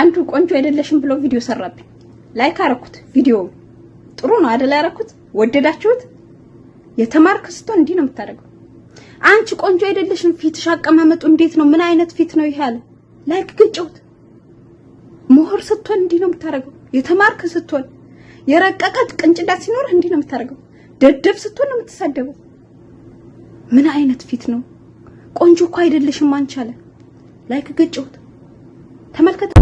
አንዱ ቆንጆ አይደለሽም ብሎ ቪዲዮ ሰራብኝ። ላይክ አረኩት። ቪዲዮ ጥሩ ነው አይደል? ያረኩት ወደዳችሁት። የተማርክ ስትሆን እንዲህ ነው የምታደርገው። አንቺ ቆንጆ አይደለሽም፣ ፊትሽ አቀማመጡ እንዴት ነው? ምን አይነት ፊት ነው ይሄ አለ። ላይክ ግጭውት። ምሁር ስትሆን እንዲህ ነው የምታደርገው። የተማርክ ስትሆን የረቀቀት ቅንጭዳት ሲኖርህ እንዲህ ነው የምታደርገው። ደደብ ስትሆን ነው የምትሳደበው። ምን አይነት ፊት ነው? ቆንጆ እኮ አይደለሽም አንቺ አለ። ላይክ ግጭውት። ተመልከተ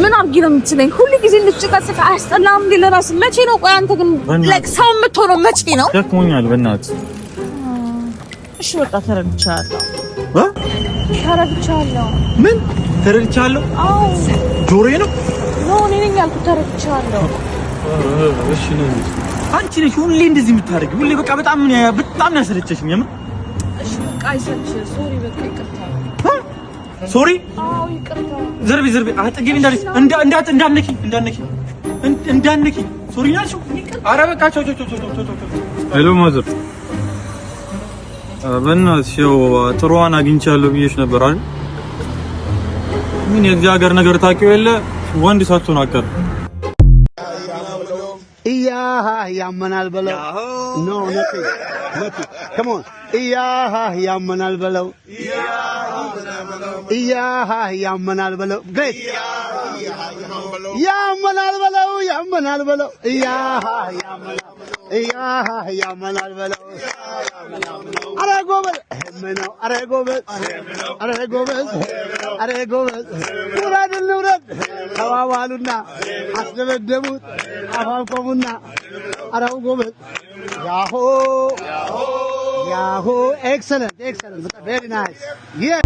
ምን አድርጊ ነው የምትለኝ? ሁሉ ጊዜ እንድትጨቃጨቅ አያስጠላም? እንደ ለራስ መቼ ነው? ቆይ አንተ ግን ሰው የምትሆነው መቼ ነው? ደክሞኛል፣ በእናትህ እሺ፣ በቃ ተረድቻለሁ። ተረድቻለሁ። ምን ተረድቻለሁ? ጆሮዬ ነው እኔ ነኝ ያልኩት ተረድቻለሁ። እሺ ነኝ። አንቺ ነሽ ሁሌ እንደዚህ የምታደርጊው። ሁሌ በቃ በጣም ምን ያ በጣም ያሰለቸሽኝ። የምር እሺ በቃ አይሰልችሽ። ሶሪ በቃ ይቅርታ። ሶሪ። አዎ ይቅርታ። ዘርቢ ዘርቢ እንዳ እንዳለሽ እንዳነኪ እንዳነኪ እንዳነኪ። ሶሪ ናልሽው። አረ በቃ ቾ ቾ ቾ ቾ ቾ ቾ። ሄሎ ማዘር በእናትሽ ያው ጥሩዋን አግኝቻለሁ ብዬሽ ነበር አይደል? ምን የዚህ ሀገር ነገር ታውቂው የለ ወንድ ሳትሆን አቀር እያሃ ያመናል በለው ኖ ነቲ ያመናል በለው እያሃ ያመናል በለው ግሬት ያመናል በለው ያመናል በለው እያሃ ያመናል ያመናል በለው። አረ ጎበዝ ህምነው። አረ ጎበዝ አረ ጎበዝ አረ ጎበዝ ውረድ እንውረድ ተባባሉና አስደበደቡት፣ አፋንቆሙና አረው ጎበዝ ያሆ ያሆ ኤክሰለንት ኤክሰለንት ቬሪ ናይስ የ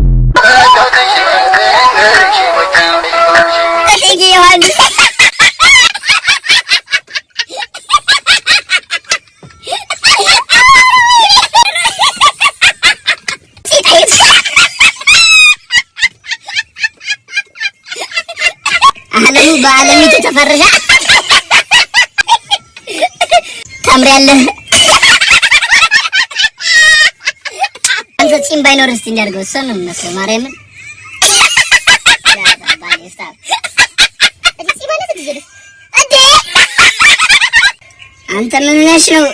ተፈርሻ ታምሪያለህ። አንተ ጺም ባይኖር እስቲ እንዲያድርገው እሷ ነው የምመስለው ማርያምን አንተ ምን ነሽ ነው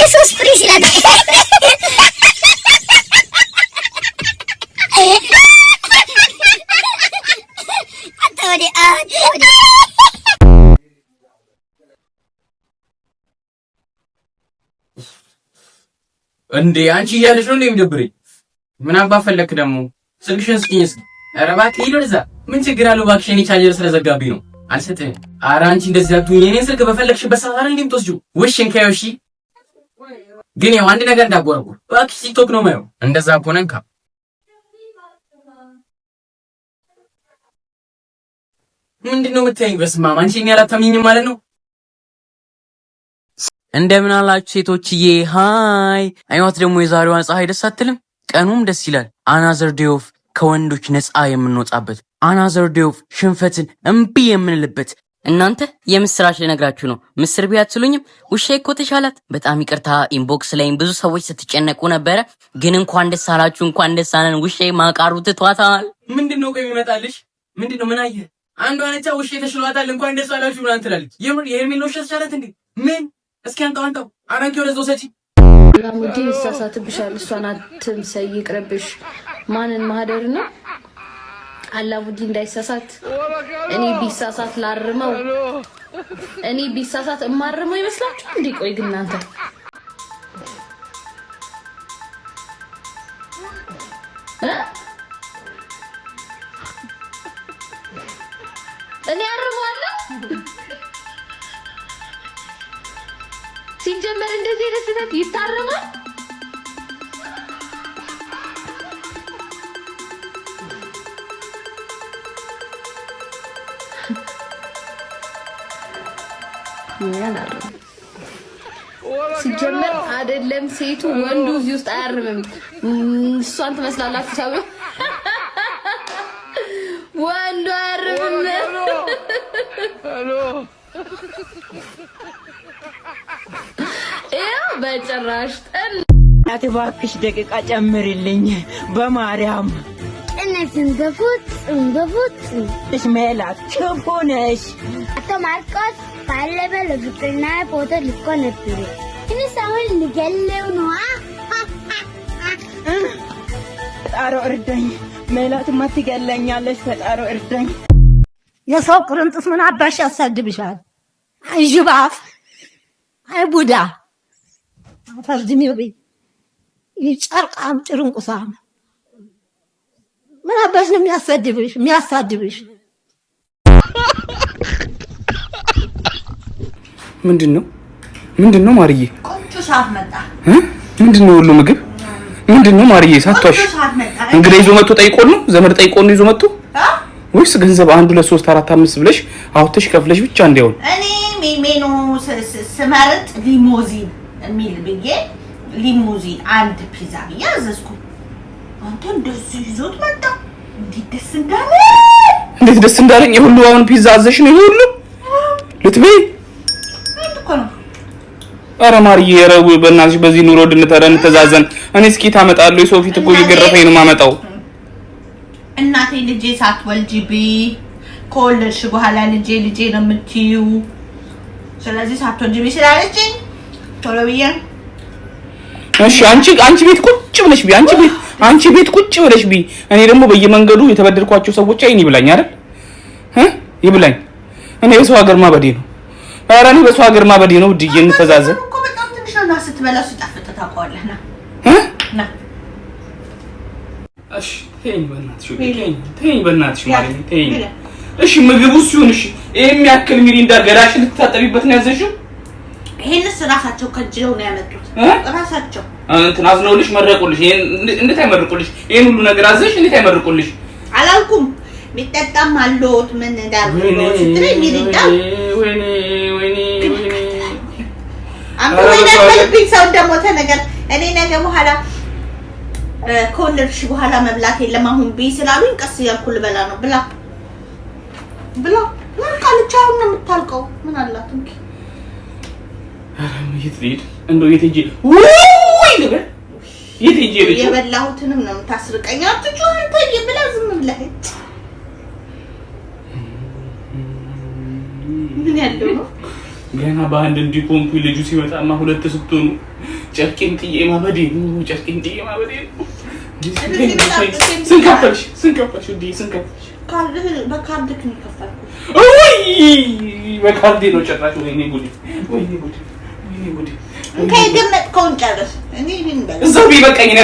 የሶስት ፍሬ ሲላት እንዴ አንቺ እያለች ነው እንዴ የሚደብረኝ? ምን አባ ፈለክ ደግሞ ስልክሽን ስጪኝ እስኪ። ኧረ እባክህ ሂድ ወደዛ። ምን ችግር አለው እባክሽ? እኔ ቻርጀር ስለዘጋብኝ ነው አልሰጥህም። ኧረ አንቺ እንደዚህ አትሁኝ። የኔን ስልክ በፈለግሽበት ሰዓት አይደል የምትወስጂው? ውሽ እንካየው። እሺ ግን ያው አንድ ነገር እንዳትጎረጉር እባክሽ። ቲክቶክ ነው የማየው። እንደዛ ከሆነ እንካ ምንድን ነው የምታይኝ? በስመ አብ አንቺ እኔ አላታምኝም ማለት ነው እንደምን አላችሁ ሴቶችዬ፣ ሃይ አይኗት ደግሞ የዛሬዋን ፀሐይ ደስ አትልም? ቀኑም ደስ ይላል። አናዘር ዴይ ኦፍ ከወንዶች ነፃ የምንወጣበት አናዘር ዴይ ኦፍ ሽንፈትን እምቢ የምንልበት። እናንተ የምስራች ልነግራችሁ ነው። ምስር ቢያትሉኝም ውሻ እኮ ተሻላት። በጣም ይቅርታ፣ ኢንቦክስ ላይም ብዙ ሰዎች ስትጨነቁ ነበረ። ግን እንኳን ደስ አላችሁ፣ እንኳን ደስ አለን። ውሻ ማቃሩ ትቷታል። ምንድነው ቆይ ይመጣልሽ? ምንድነው? ምን አየህ? አንዷ ነቻ ውሻ ተሽሏታል። እንኳን ደስ አላችሁ ምናምን ትላለች። የምን የሄርሜላ ውሻ ተሻላት እንዴ? ምን እስኪ አንተ አንተ አረንኪ ወደ ዘውሰጂ ሙዲ ይሳሳትብሻል። እሷን አትምሰይ፣ ይቅርብሽ። ማንን ማህደር ነው አላሙዲ እንዳይሳሳት። እኔ ቢሳሳት ላርመው፣ እኔ ቢሳሳት እማርመው ይመስላችሁ እንዴ? ቆይ ግን እናንተ አይቀርብም። እሷን ትመስላላችሁ ተብሎ ወንዱ አይቀርብም። ይኸው በጭራሽ እናቴ እባክሽ ደቂቃ ጨምሪልኝ በማርያም እነትን በፍጹም በፍጹም እስሜላት ክፉ ነሽ። አቶ ማርቆስ ባለፈው ለፍቅርና ፎቶ ልኮ ነበር። እኔስ አሁን ልገለው ነዋ። ፈጣሮ እርደኝ። ሜላትማ ትገለኛለች። ፈጣሮ እርደኝ። የሰው ቅርንጥስ ምን አባሽ ያሳድብሻል? አይ አንዥባፍ አይ ቡዳ ፈርድሚ ጨርቃም ጭርንቁሳም ምን አባሽ ነው የሚያሳድብሽ የሚያሳድብሽ ምንድን ነው? ምንድን ነው ማርዬ? ቆንጆ ሰዓት መጣ። ምንድን ነው ሁሉ ምግብ ምንድን ነው ማርዬ፣ ሳቷሽ እንግዲህ ይዞ መጥቶ ጠይቆን ነው ዘመድ ጠይቆን ነው ይዞ መጥቶ ወይስ ገንዘብ አንድ ሁለት ሶስት አራት አምስት ብለሽ አውጥተሽ ከፍለሽ ብቻ እንዲያውም እኔ ሜሜ ነው ስመርጥ ሊሞዚን የሚል ብዬ ሊሞዚን አንድ ፒዛ ብዬ አዘዝኩ። አንተ እንደዚህ ይዞት መጣ። እንዴት ደስ እንዳለኝ እንዴት ደስ እንዳለኝ! የሁሉ አሁን ፒዛ አዘሽ ነው ይሄ ሁሉ ልትበይ ኧረ ማርዬ ኧረ በእናትሽ በዚህ ኑሮ ድነት ኧረ እንተዛዘን። እኔ እስኪ ታመጣለሁ የሰው ፊት እኮ እየገረፈኝ ነው የማመጣው። እናቴ ልጄ ሳትወልጂ ቢ ከወለድሽ በኋላ ልጄ ልጄ ነው የምትይው። ስለዚህ ሳትወልጂ ቢ ስላለችኝ ቶሎ ብዬ እሺ አንቺ አንቺ ቤት ቁጭ ብለሽ ቢ አንቺ ቤት አንቺ ቤት ቁጭ ብለሽ ቢ። እኔ ደግሞ በየመንገዱ የተበደልኳቸው ሰዎች አይን ይብላኝ አይደል እ ይብላኝ እኔ በሰው ሀገር ማበዴ ነው። ኧረ እኔ በሰው ሀገር ማበዴ ነው። ድዬ እንተዛዘን ና ስትበላ እሱ ታውቀዋለህ። ና ና እሺ፣ ምግቡ ሲሆን እሺ፣ ይሄም ያክል ሚሪንዳ ገላሽ ልትታጠቢበት ነው ያዘሽው? ይሄንስ ራሳቸው ከጅለው ነው ያመጡት። ራሳቸው እንትን አዝነውልሽ መረቁልሽ። ይሄን እንዴት አይመርቁልሽ? ይሄን ሁሉ ነገር አዘሽ እንዴት አይመርቁልሽ? አላልኩም። የሚጠጣም አለዎት ምን አምሮኝ ሰው እንደሞተ ነገር እኔ ነገ በኋላ ከወለድሽ በኋላ መብላት የለም አሁን ብይ ስላሉኝ ቀስ እያልኩ ልበላ ነው። ብላ ብላ ምን ቃልቻ አሁን ነው የምታልቀው። ምን አላት እንኪ የት ልሂድ እንደው የት ሂጅ ውይ ልበል የት ሂጅ ልጅ የበላሁትንም ነው የምታስርቀኝ። አትጩ አንተ ብላ ዝም ብለህ ምን ያለው ነው ገና በአንድ እንዲቆምኩ ልጁ ሲመጣማ ሁለት ስትሆኑ ጨርቄን ጥዬ ማበዴ ነው። ጨርቄን ጥዬ ማበዴ ነው። ስንት ከፈልሽ? ነው ጭራሽ። ወይኔ ጉዴ! ወይኔ ጉዴ! ወይኔ ጉዴ! የገመጥከውን ጨርስ። እኔ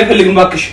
አልፈልግም እባክሽ።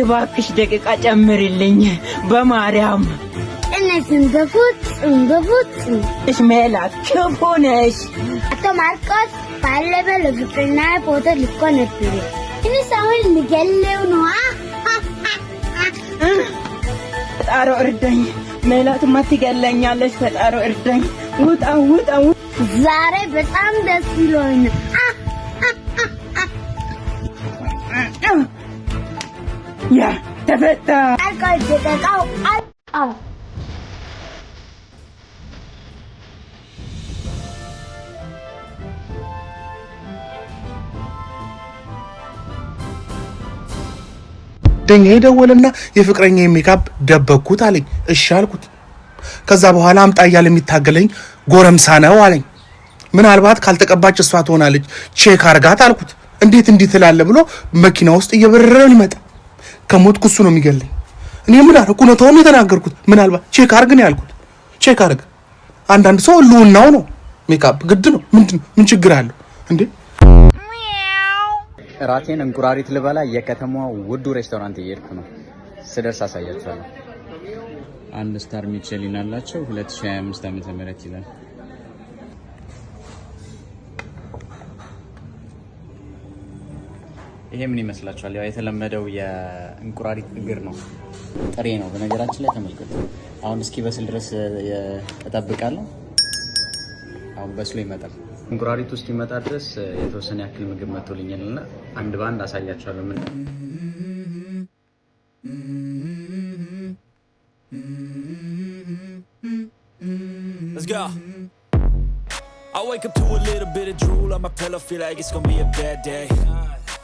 እባክሽ ደቂቃ ጨምርልኝ በማርያም እነዚህም በፍጹም በፍጹም እስሜላት ክፉ ነሽ። አቶ ማርቆስ ባለፈው ለፍቅርና ፎቶ ልኮ ነበር። እኔ ሰውን ልገለው ነው። ፈጣሮ እርደኝ፣ ሜላትማ ትገለኛለች። ፈጣሮ እርደኝ። ውጣ ውጣ። ዛሬ በጣም ደስ ይሎኛል። ያ ተፈታ። አልቀልቀቃው አልቃው ጓደኛ የደወለና የፍቅረኛ ሜካፕ ደበኩት አለኝ። እሺ አልኩት። ከዛ በኋላ አምጣ እያለ የሚታገለኝ ጎረምሳ ነው አለኝ። ምናልባት ካልተቀባች እሷ ትሆናለች፣ ቼክ አርጋት አልኩት። እንዴት እንዲህ ትላለህ ብሎ መኪና ውስጥ እየበረረን ይመጣ ከሞትኩ እሱ ነው የሚገለኝ። እኔ ምን አደረኩ? እውነታውን የተናገርኩት ምናልባት ቼክ አርግ ነው ያልኩት። ቼክ አርግ። አንዳንድ ሰው ልውናው ነው ሜካፕ ግድ ነው። ምንድን ምን ችግር አለው እንዴ? እራቴን እንቁራሪት ልበላ የከተማዋ ውዱ ሬስቶራንት እየሄድኩ ነው። ስደርስ አሳያችኋለሁ። አንድ ስታር ሚቼሊን አላቸው 2025 ዓመተ ይላል። ይሄ ምን ይመስላችኋል? ያው የተለመደው የእንቁራሪት እግር ነው፣ ጥሬ ነው። በነገራችን ላይ ተመልከቱ። አሁን እስኪ በስል ድረስ እጠብቃለሁ። አሁን በስሎ ይመጣል። እንቁራሪት ውስጥ ይመጣ ድረስ የተወሰነ ያክል ምግብ መቶልኛል እና አንድ በአንድ አሳያችኋለሁ። ምን I wake up to a little bit of drool on my pillow, feel like it's gonna be a bad day.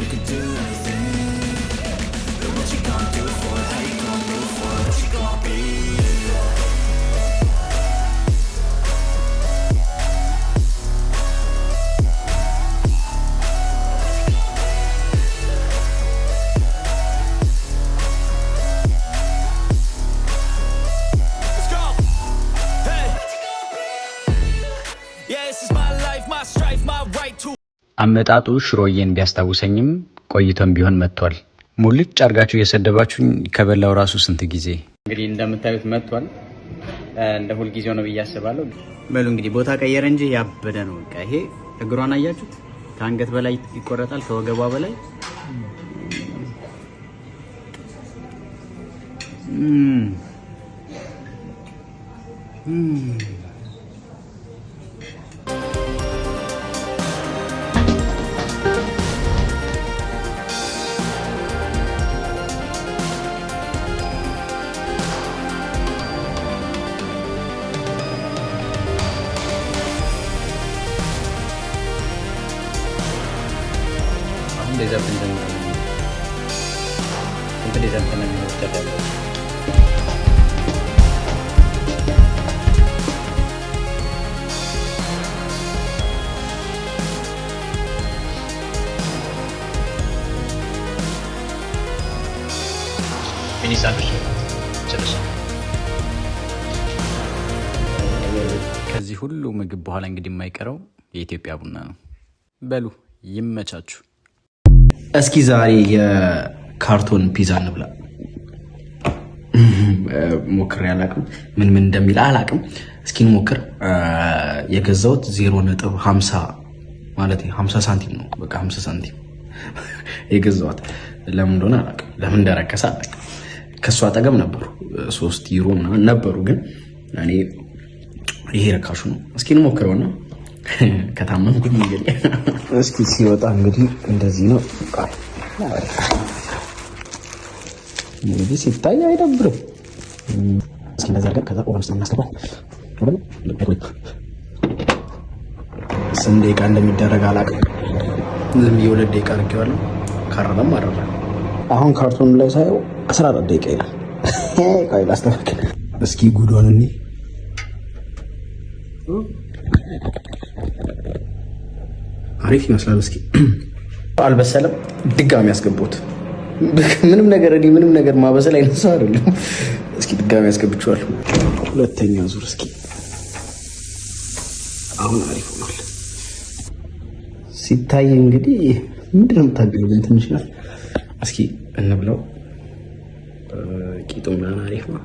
You can do anything But what you gonna do for How you gonna አመጣጡ ሽሮዬን ቢያስታውሰኝም ቆይቶም ቢሆን መጥቷል። ሙልጭ አርጋችሁ እየሰደባችሁኝ ከበላው ራሱ ስንት ጊዜ እንግዲህ እንደምታዩት መጥቷል። እንደ ሁልጊዜው ነው ብዬ አስባለሁ። በሉ እንግዲህ ቦታ ቀየረ እንጂ ያበደ ነው። በቃ ይሄ እግሯን አያችሁት? ከአንገት በላይ ይቆረጣል፣ ከወገቧ በላይ የኢትዮጵያ ቡና ነው። በሉ ይመቻችሁ። እስኪ ዛሬ የካርቶን ፒዛ እንብላ። ሞክሬ አላቅም፣ ምን ምን እንደሚል አላቅም። እስኪ እንሞክር። የገዛሁት ዜሮ ነጥብ ሀምሳ ማለት ሀምሳ ሳንቲም ነው። በቃ ሀምሳ ሳንቲም የገዛሁት ለምን እንደሆነ አላቅም፣ ለምን እንደረከሰ አላቅም። ከእሱ አጠገብ ነበሩ ሶስት ዩሮ ምናምን ነበሩ፣ ግን እኔ ይሄ ረካሹ ነው። እስኪ እንሞክረውና ከታመምኩኝ እስኪ ሲወጣ እንግዲህ እንደዚህ ነው እንግዲህ ሲታይ አይደብርም። እስኪ እስኪነዘርገን ከዛ ቆረም ስናስገባው ስንት ደቂቃ እንደሚደረግ አላውቅም። ዝም ብዬ ደቂቃ አድርጌዋለሁ። ካረረም አረረ። አሁን ካርቶኑ ላይ ሳየው አስራ አራት ደቂቃ ይላል። ቆይ ላስተካክል እስኪ ጉዶን እኔ አሪፍ ይመስላል። እስኪ አልበሰለም፣ ድጋሚ ያስገቡት። ምንም ነገር እኔ ምንም ነገር ማበሰል ሰው አይደለም። እስኪ ድጋሚ ያስገብችዋል። ሁለተኛ ዙር እስኪ አሁን አሪፍ ሆኗል። ሲታይ እንግዲህ ምንድነው ነው የምታገሉብን? ትንሽ ናት። እስኪ እንብለው። ቂጡ ምናምን አሪፍ ነው።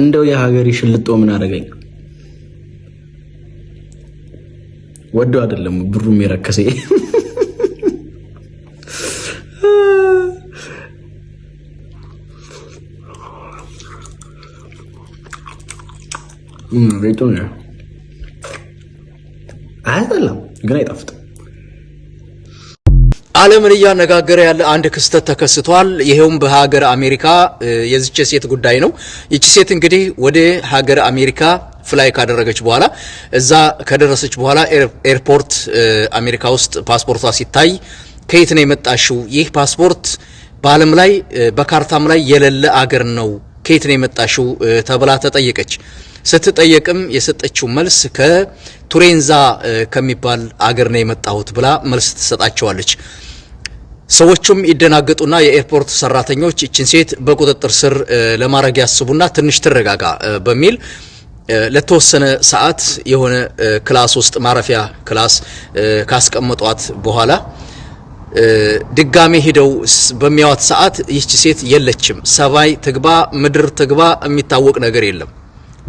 እንደው የሀገር ሽልጦ ምን አደረገኝ? ወዶ አይደለም ብሩም የረከሰ ቤቱ አያጠላም ግን አይጣፍጥ ዓለምን እያነጋገረ ያለ አንድ ክስተት ተከስቷል። ይሄውም በሀገር አሜሪካ የዚች ሴት ጉዳይ ነው። ይቺ ሴት እንግዲህ ወደ ሀገር አሜሪካ ፍላይ ካደረገች በኋላ እዛ ከደረሰች በኋላ ኤርፖርት አሜሪካ ውስጥ ፓስፖርቷ ሲታይ ከየት ነው የመጣሽው? ይህ ፓስፖርት በዓለም ላይ በካርታም ላይ የሌለ አገር ነው ከየት ነው የመጣሽው ተብላ ተጠየቀች። ስትጠየቅም የሰጠችው መልስ ከቱሬንዛ ከሚባል አገር ነው የመጣሁት ብላ መልስ ትሰጣቸዋለች። ሰዎቹም ይደናገጡና የኤርፖርት ሰራተኞች እችን ሴት በቁጥጥር ስር ለማድረግ ያስቡና ትንሽ ትረጋጋ በሚል ለተወሰነ ሰዓት የሆነ ክላስ ውስጥ ማረፊያ ክላስ ካስቀመጧት በኋላ ድጋሜ ሂደው በሚያዋት ሰዓት ይህች ሴት የለችም። ሰማይ ትግባ ምድር ትግባ የሚታወቅ ነገር የለም።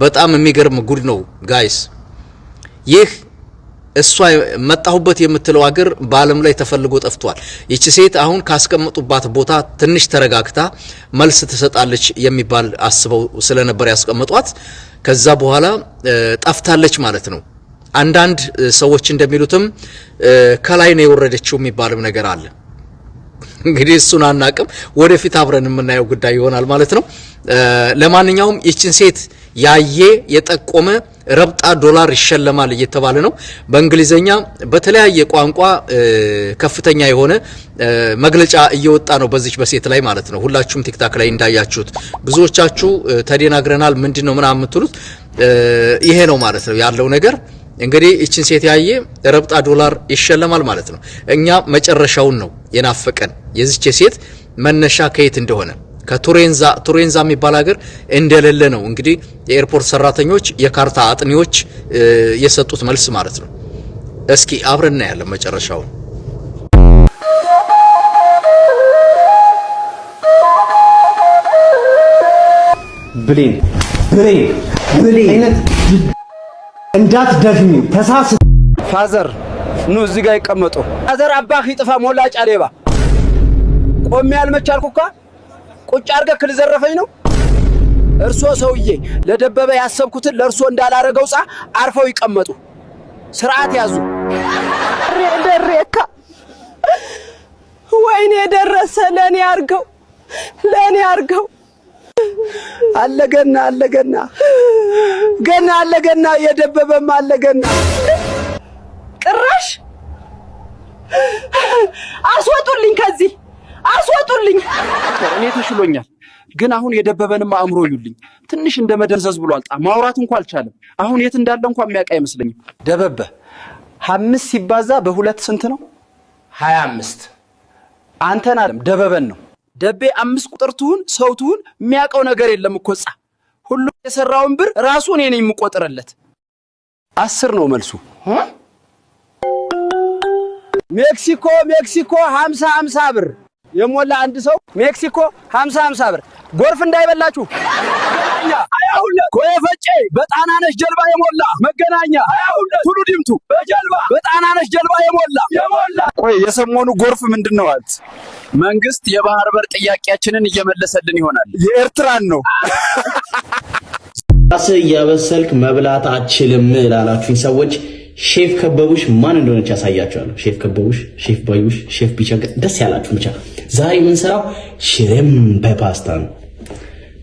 በጣም የሚገርም ጉድ ነው ጋይስ ይህ እሷ መጣሁበት የምትለው ሀገር በዓለም ላይ ተፈልጎ ጠፍቷል። ይቺ ሴት አሁን ካስቀመጡባት ቦታ ትንሽ ተረጋግታ መልስ ትሰጣለች የሚባል አስበው ስለነበር ያስቀመጧት ከዛ በኋላ ጠፍታለች ማለት ነው። አንዳንድ ሰዎች እንደሚሉትም ከላይ ነው የወረደችው የሚባልም ነገር አለ። እንግዲህ እሱን አናቅም፣ ወደፊት አብረን የምናየው ጉዳይ ይሆናል ማለት ነው። ለማንኛውም ይችን ሴት ያየ የጠቆመ ረብጣ ዶላር ይሸለማል እየተባለ ነው። በእንግሊዘኛ በተለያየ ቋንቋ ከፍተኛ የሆነ መግለጫ እየወጣ ነው በዚች በሴት ላይ ማለት ነው። ሁላችሁም ቲክታክ ላይ እንዳያችሁት ብዙዎቻችሁ ተደናግረናል፣ ምንድን ነው ምናምን የምትሉት ይሄ ነው ማለት ነው ያለው ነገር። እንግዲህ ይችን ሴት ያየ ረብጣ ዶላር ይሸለማል ማለት ነው። እኛ መጨረሻውን ነው የናፈቀን የዚች ሴት መነሻ ከየት እንደሆነ ከቱሬንዛ ቱሬንዛ የሚባል ሀገር እንደሌለ ነው እንግዲህ የኤርፖርት ሰራተኞች የካርታ አጥኒዎች የሰጡት መልስ ማለት ነው። እስኪ አብረን እናያለን መጨረሻውን። ብሌን ብሌን ብሌን እንዳት ደግሚ ተሳስ ፋዘር ኑ እዚህ ጋር ይቀመጡ። ፋዘር አባህ ይጥፋ ሞላ ጫሌባ ቆሜ አልመቻልኩ እኮ ቁጭ አርገ ክልዘረፈኝ ነው። እርሶ ሰውዬ ለደበበ ያሰብኩትን ለእርሶ እንዳላረገው ጻ አርፈው ይቀመጡ፣ ስርዓት ያዙ። ደሬካ ወይኔ የደረሰ ለእኔ አርገው፣ ለእኔ አርገው። አለገና አለገና ገና አለገና የደበበም አለገና ቅራሽ አስወጡልኝ ከዚህ አስወጡልኝ። እኔ ተሽሎኛል፣ ግን አሁን የደበበንም አእምሮ ይዩልኝ። ትንሽ እንደ መደንዘዝ ብሎ አልጣ ማውራት እንኳ አልቻለም። አሁን የት እንዳለ እንኳ የሚያውቅ አይመስለኝም። ደበበ ሀምስት ሲባዛ በሁለት ስንት ነው? ሀያ አምስት አንተን አለም ደበበን ነው። ደቤ አምስት ቁጥር ትሁን ሰው ትሁን የሚያውቀው ነገር የለም እኮ ጻ ሁሉም የሰራውን ብር ራሱ እኔ ነኝ የምቆጥረለት። አስር ነው መልሱ። ሜክሲኮ ሜክሲኮ ሀምሳ ሀምሳ ብር የሞላ አንድ ሰው ሜክሲኮ 50 50 ብር ጎርፍ እንዳይበላችሁ ሀያ ሁለት ኮየፈጬ በጣናነሽ ጀልባ የሞላ መገናኛ ሀያ ቱሉ ዲምቱ በጀልባ በጣናነሽ ጀልባ የሞላ የሞላ ቆይ የሰሞኑ ጎርፍ ምንድን ነው አት መንግስት የባህር በር ጥያቄያችንን እየመለሰልን ይሆናል የኤርትራን ነው ራስ እያበሰልክ መብላት አችልም ላላችሁኝ ሰዎች ሼፍ ከበቡሽ ማን እንደሆነች ያሳያቸዋለሁ። ሼፍ ከበቡሽ፣ ሼፍ ባዩሽ፣ ሼፍ ቢቸግር ደስ ያላችሁ ብቻ። ዛሬ የምንሰራው ሽሪምፕ ፓስታ ነው።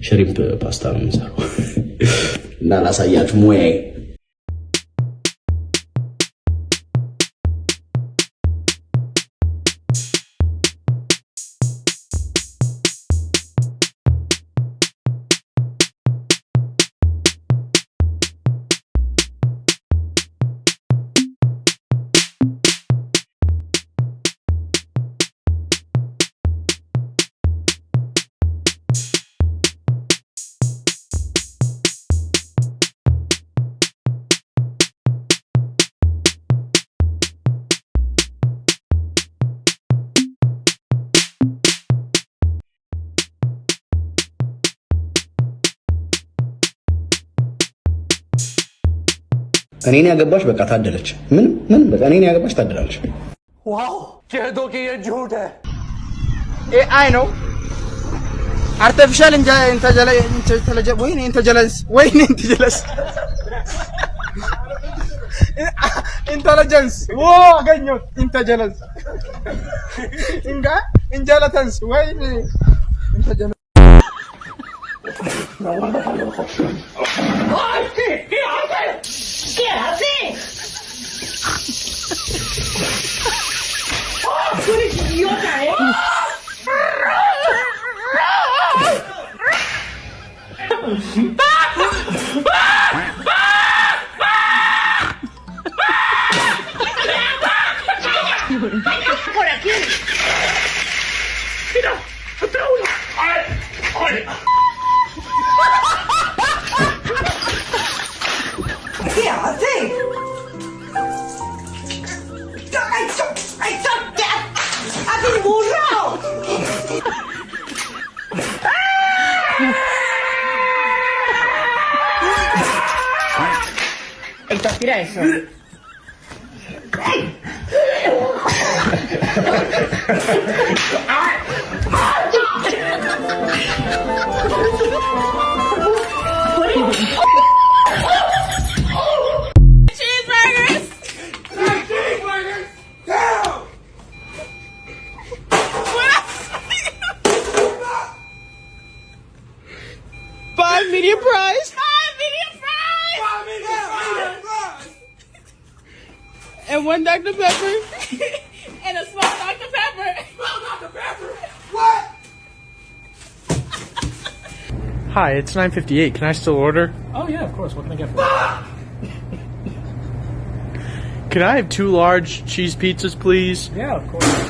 ሽሪምፕ ፓስታ ነው የምንሰራው እና ላሳያችሁ ሙያዬ እኔን ያገባሽ በቃ ታደለች። ምንም ምንም በቃ እኔን ያገባሽ ታደላለች። ዋው ኬዶኬ የጅሁደ ኤአይ ነው አርቲፊሻል ኢንተለጀንስ ወይኔ ኢንተለጀንስ ኢንተለጀንስ ዎ አገኘሁት ኢንተለጀንስ እንጋ ኢንጀለተንስ ወይኔ ኢንተለጀንስ será, oh, que idiota é? Por aqui! Five medium fries. Five medium fries. Five medium fries. and one Dr. Pepper. and a small Dr. Pepper. Small Dr. Pepper. What? Hi, it's 9.58. Can I still order? Oh, yeah, of course. What can I get for you? Can I have two large cheese pizzas, please? Yeah, of course.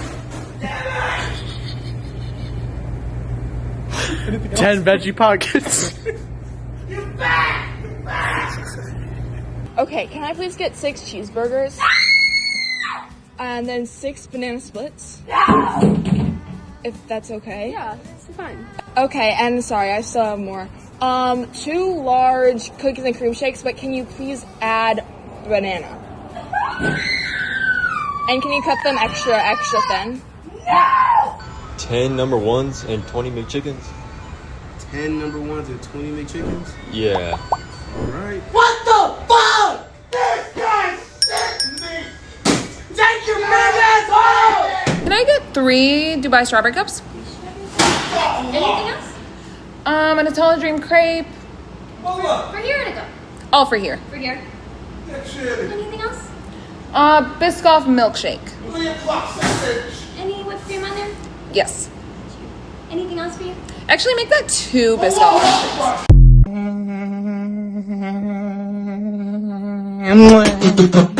Ten veggie pockets. Okay, can I please get six cheeseburgers? and then six banana splits? if that's okay. Yeah, it's fine. Okay, and sorry, I still have more. Um, two large cookies and cream shakes, but can you please add banana? and can you cut them extra, extra thin? No! 10 number ones and 20 McChickens. Ten number ones and 20 McChickens? Yeah. All right. What the fuck? This guy sent me! Take your big Can I get three Dubai strawberry cups? Anything else? Um, an Atala Dream crepe. Hold For here to go. All for here. For here. Anything else? Uh, Biscoff milkshake. Any whipped cream on there? Yes. Anything else for you? Actually, make that two biscuit